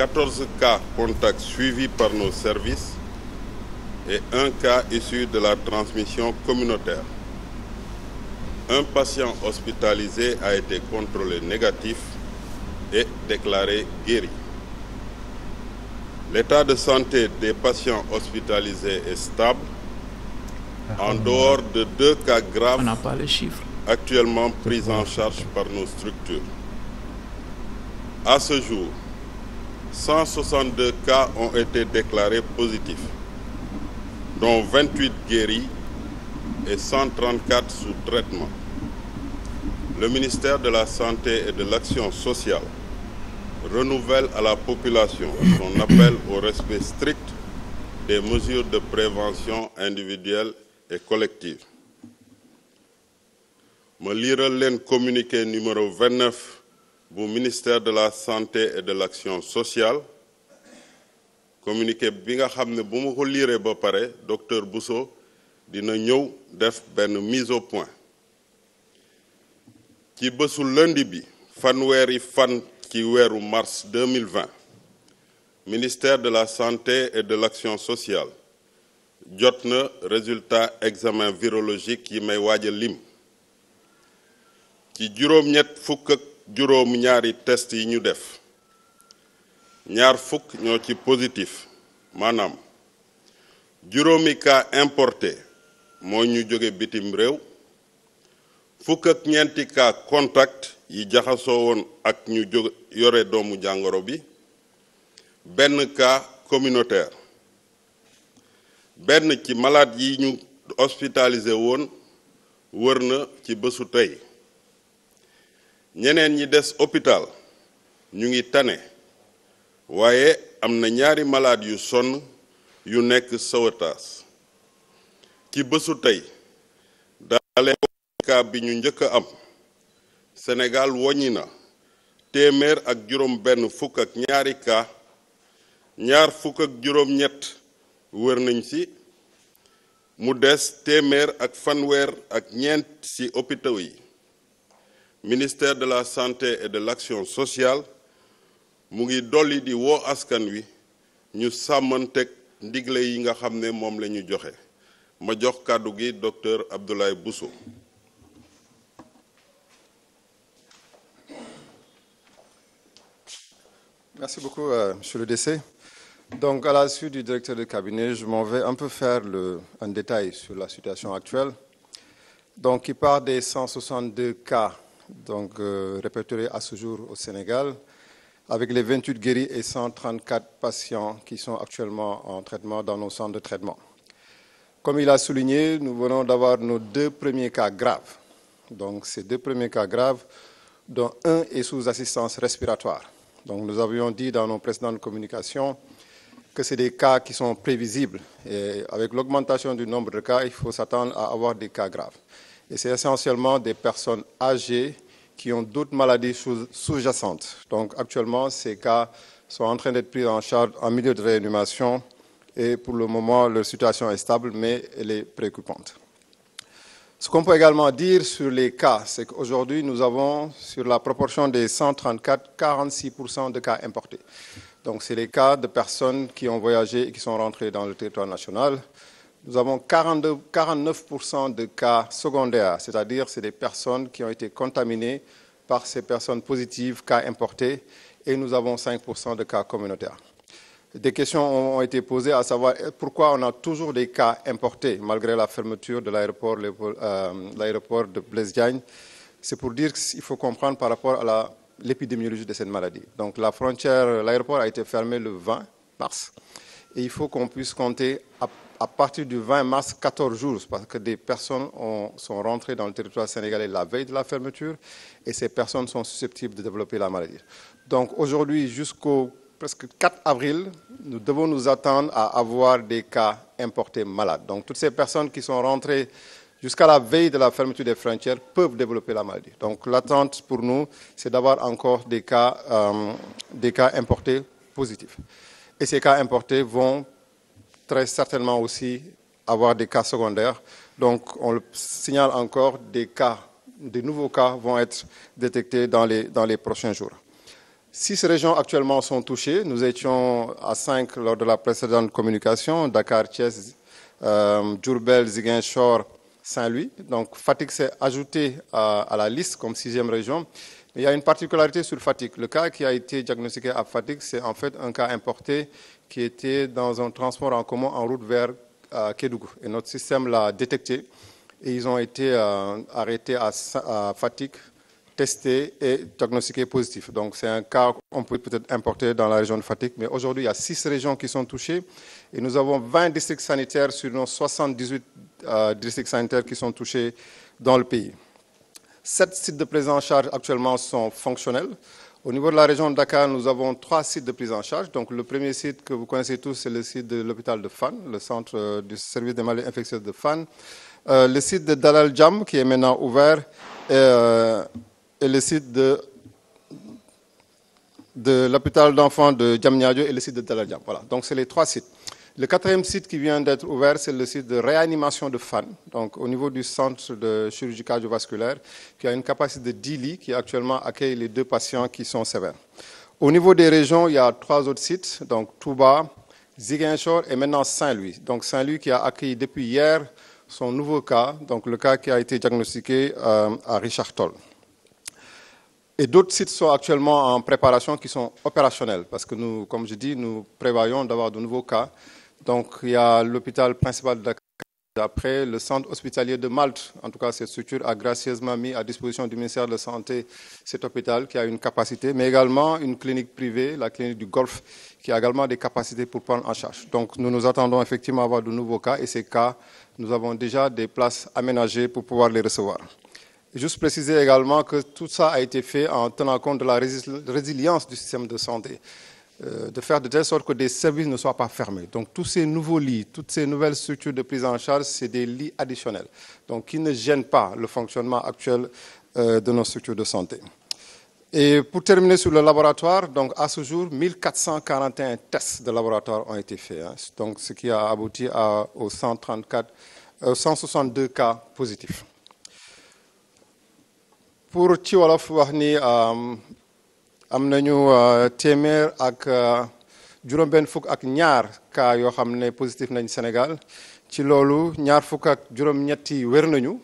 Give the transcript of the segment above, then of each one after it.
14 cas contacts suivis par nos services et un cas issu de la transmission communautaire. Un patient hospitalisé a été contrôlé négatif et déclaré guéri. L'état de santé des patients hospitalisés est stable en dehors de deux cas graves actuellement pris en charge par nos structures. À ce jour, 162 cas ont été déclarés positifs, dont 28 guéris et 134 sous traitement. Le ministère de la Santé et de l'Action sociale renouvelle à la population son appel au respect strict des mesures de prévention individuelle et collective. Me lire communiqué numéro 29 bu ministère de la santé et de l'action sociale communiqué bi nga xamné ne bu ko docteur Bousso dina ñëw def ben mise au point ci bésu lundi bi fanweeri fan ci mars 2020 ministère de la santé et de l'action sociale jotna résultat examen virologique yi may wajal lim ci juroom ñet fukk juróom ñaari test yi ñu def ñaar fukk ñoo ci positif maanaam juróomi cas importé mooy ñu jóge bitim réew fukk ak ñeenti cas contact yi jaxasoo woon ak ñu jóg yore doomu jàngoro bi benn cas communautaire benn ci malade yi ñu hospitalisé woon wër na ci bésu tey ñeneen ñi des hôpital ñu ngi tane waaye am na ñaari malade yu sonn yu nekk sawataas ci bésu tey daale cas bi ñu njëkk am Sénégal woññi na téeméer ak juróom benn fukk ak ñaari cas ñaar fukk wër nañ ci mu des téeméer ak fanweer ak ñeent ci hôpitaux yi ministère de la santé et de l'action sociale mu Dolidi di wo askan wi ñu sàmmanteeg ndigle yi nga xamné la docteur Abdoulaye Bousso. Merci beaucoup, M. Euh, monsieur le DC. Donc, à la suite du directeur de cabinet, je m'en vais un peu faire le, un détail sur la situation actuelle. Donc, il part des 162 cas donc euh, répertorié à ce jour au Sénégal, avec les 28 guéris et 134 patients qui sont actuellement en traitement dans nos centres de traitement. Comme il a souligné, nous venons d'avoir nos deux premiers cas graves. Donc ces deux premiers cas graves, dont un est sous assistance respiratoire. Donc nous avions dit dans nos précédentes communications que c'est des cas qui sont prévisibles. Et avec l'augmentation du nombre de cas, il faut s'attendre à avoir des cas graves. Et c'est essentiellement des personnes âgées qui ont d'autres maladies sous-jacentes. Donc actuellement, ces cas sont en train d'être pris en charge en milieu de réanimation et pour le moment, leur situation est stable, mais elle est préoccupante. Ce qu'on peut également dire sur les cas, c'est qu'aujourd'hui, nous avons sur la proportion des 134, 46% de cas importés. Donc, c'est les cas de personnes qui ont voyagé et qui sont rentrées dans le territoire national nous avons 42, 49% de cas secondaires, c'est-à-dire c'est des personnes qui ont été contaminées par ces personnes positives, cas importés, et nous avons 5% de cas communautaires. Des questions ont été posées à savoir euh, pourquoi on a toujours des cas importés malgré la fermeture de l'aéroport euh, de Blaise C'est pour dire qu'il faut comprendre par rapport à l'épidémiologie de cette maladie. Donc la frontière, l'aéroport a été fermé le 20 mars et il faut qu'on puisse compter à partir du 20 mars, 14 jours, parce que des personnes sont rentrées dans le territoire sénégalais la veille de la fermeture et ces personnes sont susceptibles de développer la maladie. Donc aujourd'hui jusqu'au presque 4 avril, nous devons nous attendre à avoir des cas importés malades. Donc toutes ces personnes qui sont rentrées jusqu'à la veille de la fermeture des frontières peuvent développer la maladie. Donc l'attente pour nous, c'est d'avoir encore des cas, euh, des cas importés positifs. Et ces cas importés vont très certainement aussi avoir des cas secondaires. Donc, on le signale encore, des cas, des nouveaux cas vont être détectés dans les, dans les prochains jours. Six régions actuellement sont touchées. Nous étions à cinq lors de la précédente communication. Dakar, Thiès, euh, Djourbel, Ziguinchor, Saint-Louis. Donc Fatigue s'est ajouté à, la liste comme sixième région. il y a une particularité sur Fatigue. Le cas qui a été diagnostiqué à Fatigue, c'est en fait un cas importé qui était dans un transport en commun en route vers euh, Kédougou. Et notre système l'a détecté et ils ont été euh, arrêtés à, Fatik, fatigue, testés et diagnostiqués positifs. Donc c'est un cas qu'on peut peut-être importer dans la région de fatigue, mais aujourd'hui il y a six régions qui sont touchées et nous avons 20 districts sanitaires sur nos 78 euh, districts sanitaires qui sont touchés dans le pays. Sept sites de prise en charge actuellement sont fonctionnels. Au niveau de la région de Dakar, nous avons trois sites de prise en charge. Donc, le premier site que vous connaissez tous, c'est le site de l'hôpital de Fan, le centre euh, du service des maladies infectieuses de Fan. Euh, le site de Dalal Jam, qui est maintenant ouvert, et, euh, le site de, l'hôpital d'enfants de Djamniadio et le site de Dalal Jam. Voilà, donc c'est les trois sites. Le quatrième site qui vient d'être ouvert, c'est le site de réanimation de FAN, donc au niveau du centre de chirurgie cardiovasculaire, qui a une capacité de 10 lits, qui actuellement accueille les deux patients qui sont sévères. Au niveau des régions, il y a trois autres sites, donc Touba, Ziguinchor et maintenant Saint-Louis. Donc Saint-Louis qui a accueilli depuis hier son nouveau cas, donc le cas qui a été diagnostiqué euh, à Richard Toll. Et d'autres sites sont actuellement en préparation qui sont opérationnels, parce que nous, comme je dis, nous prévoyons d'avoir de nouveaux cas donc, il y a l'hôpital principal d'après, Après, le centre hospitalier de Malte, en tout cas, cette structure a gracieusement mis à disposition du ministère de la Santé cet hôpital qui a une capacité, mais également une clinique privée, la clinique du Golfe, qui a également des capacités pour prendre en charge. Donc, nous nous attendons effectivement à avoir de nouveaux cas et ces cas, nous avons déjà des places aménagées pour pouvoir les recevoir. Juste préciser également que tout ça a été fait en tenant compte de la résilience du système de santé. Euh, de faire de telle sorte que des services ne soient pas fermés. Donc tous ces nouveaux lits, toutes ces nouvelles structures de prise en charge, c'est des lits additionnels, donc qui ne gênent pas le fonctionnement actuel euh, de nos structures de santé. Et pour terminer sur le laboratoire, donc à ce jour, 1441 tests de laboratoire ont été faits, hein. donc ce qui a abouti à, aux 134, 162 euh, cas positifs. Pour Tiwalaf Wahni, am na nañu euh, téeméer ak euh, juróom-benn fukk ak ñaar cas yoo xam ne positif nañ Sénégal ci loolu ñaar fukk ak juróom-ñetti wér nañu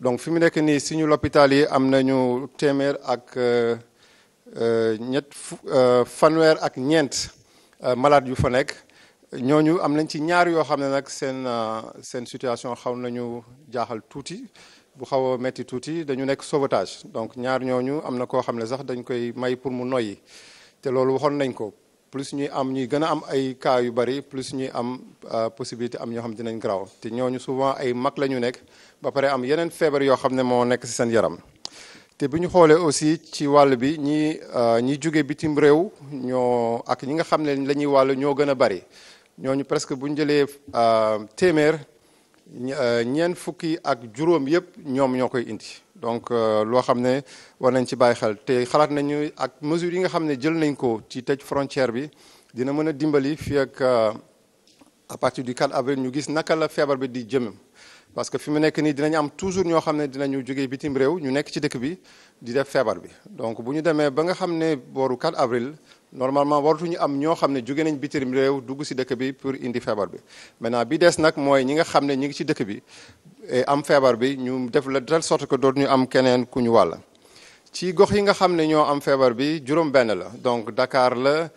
donc fi mu nekk nii suñu l'hôpital yi am nañu téeméer ak euh, ñett fanweer ak ñeent malade yu fa nekk ñooñu am nañ ci ñaar yoo xam ne nag seen seen situation xaw nañu jaaxal tuuti bu xaw a métti tuuti dañu nekk sauvetage donc ñaar ñooñu am na koo xam ne sax dañ koy may pour mu noyyi te loolu waxoon nañ ko plus ñuy am ñuy gën a am ay cas yu bari plus ñuy am euh, possibilité am ñoo xam dinañ garaaw te ñooñu souvent ay mag la ñu nekk ba pare am yeneen feebar yoo xam ne moo nekk ci seen yaram. te bu ñu xoolee aussi ci wàll bi ñi euh, ñi jóge bitim réew ñoo ak ñi nga xam ne lañuy wàll ñoo gën a bari ñooñu presque bu ñu jëlee euh, téeméer. Euh, ñeent fukki ak juróom yëpp ñoom ñoo koy indi donc euh, loo xam ne war nañ ci bàyyi xel te xalaat nañu ak mesures yi nga xam ne jël nañ ko ci tëj frontière bi dina mën a dimbali fii ak euh, à partir du 4 avril ñu gis naka la feebar bi di jëm. parce que fi mu am toujours ñoo xam ne dinañu des bitim réew ñu donc bu ñu demee ba nga avril normalement ñu am ñoo xam ne nañ bitim pour indi feebar maintenant bi des nag mooy ñi nga xam ñi ci dëkk bi eh, am feebar bi ñu def de que nous am keneen ku ñu wàll ci gox yi nga am donc Dakar la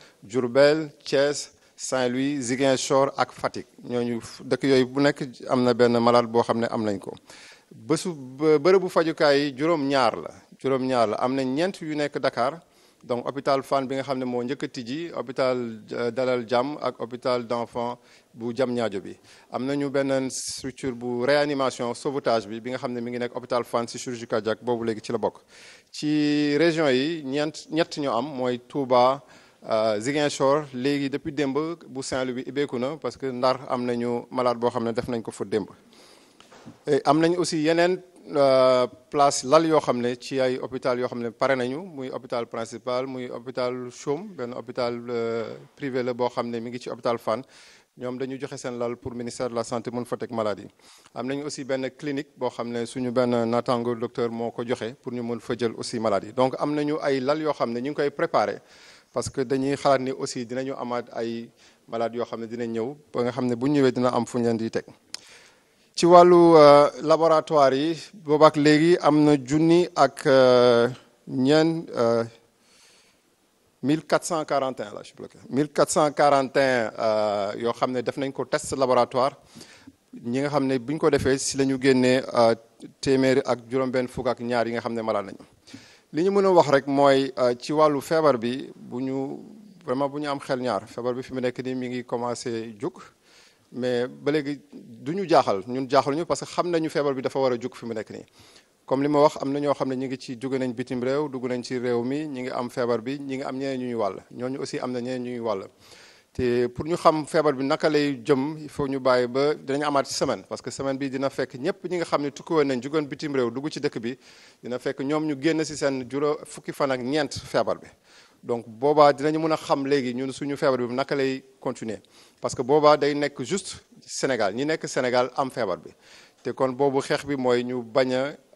Saint-Louis Ziguinchor ak Fatick ñooñu dëkk yooyu bu nekk am na benn malade boo xam ne am nañ ko bésu bërëbu fajukaay yi juróom-ñaar la juróom-ñaar la am na ñeent yu nekk Dakar donc hôpital Fann bi nga xam ne moo njëkk a tijji hôpital euh, Dalal Jàmm ak hôpital d'enfant bu Diamniadio bi am nañu benn structure bu réanimation sauvetage bi bi nga xam ne mi ngi nekk hôpital Fann si chirurgie cardiaque boobu léegi ci la bokk ci région yi ñeent ñett ñoo am mooy Touba. Euh, Ziguinchor léegi depuis Dembe, bu Saint-Louis ibbeeku parce que Ndar am malade boo xam def nañ ko fa démb aussi Yenen euh, place lal yo xam ci ay hôpital yo xam ne nañu muy hôpital principal muy hôpital Chaume ben hôpital euh, privé le boo xam hôpital fan. ñoom dañu joxe seen lal pour ministère de la santé mën fa teg malade aussi ben clinique boo xam ne suñu ben natango docteur moo pour ñu mën fa aussi maladie. donc am aï ay lal yoo xam ne préparé parce que dañuy xalaat ni aussi dinañu amaat ay malades yoo xam ne dina ñëw ba nga xam ne bu ñëwee dina am fu ñu leen di teg ci wàllu euh, laboratoire yi boobaak léegi am na junni ak ñeen 1441 la je bloqué 1441 yoo xam ne def nañ ko test laboratoire ñi nga xam ne buñ ko defee si la ñu génnee euh, téeméeri ak juróom-benn fukk ak ñaar yi nga xam ne malade nañu li ñu mën a wax rek mooy euh, ci wàllu feebar bi bu ñu vraiment bu ñu am xel ñaar feebar bi fi mu nekk nii mi ngi commencé jug mais ba léegi du ñu jaaxal ñu jaaxal ñu parce que xam nañu feebar bi dafa war a jug fi mu nekk nii comme li ma wax am na ñoo xam ne ñi ngi ci jóge nañ bitim réew dugg nañ ci réew mi ñu ngi am feebar bi ñi ngi am ñeneen ñu ñuy wàll ñooñu aussi am na ñeneen ñuy wàll té pour ñu xam fièvre bi naka lay jëm il faut ñu bàyyi ba dinañ amaat semaine parce que semaine bi dina fekk ñepp ñi nga xam ne tukki won nañ jugon bitim rew duggu ci dëkk bi dina fekk ñom ñu génn ci sen juróom fukki fan ak ñeent feebar bi donc boba dinañu mëna xam légui ñun suñu fièvre bi naka lay continuer parce que boba day nekk juste Sénégal ñi nekk Sénégal am fièvre bi té kon bobu xex bi moy ñu baña